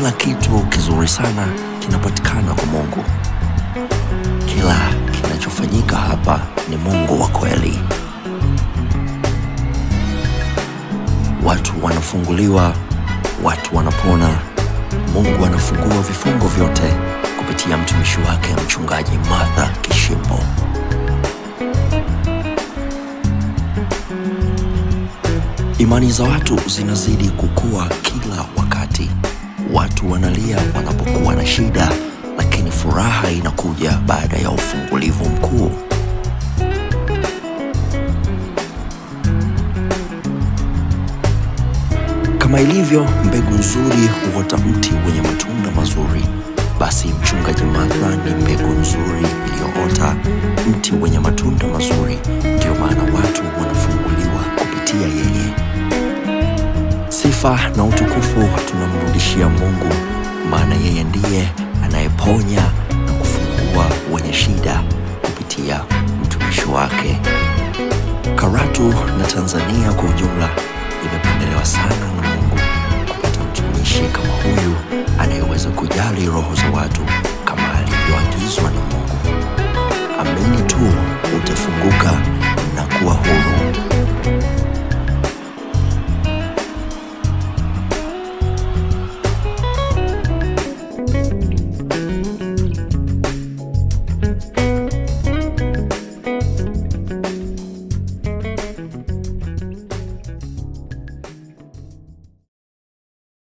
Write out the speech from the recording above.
Kila kitu kizuri sana kinapatikana kwa Mungu. Kila kinachofanyika hapa ni Mungu wa kweli. Watu wanafunguliwa, watu wanapona. Mungu anafungua vifungo vyote kupitia mtumishi wake Mchungaji Martha Kishimbo. Imani za watu zinazidi kukua moja baada ya ufungulivu mkuu. Kama ilivyo mbegu nzuri huota mti wenye matunda mazuri, basi Mchungaji Martha ni mbegu nzuri iliyoota mti wenye matunda mazuri. Ndiyo maana watu wanafunguliwa kupitia yeye. Sifa na utukufu tunamrudishia Mungu, maana yeye ndiye anayeponya yetu na Tanzania kwa ujumla imependelewa sana na Mungu kupata mtumishi kama huyu anayeweza kujali roho za watu.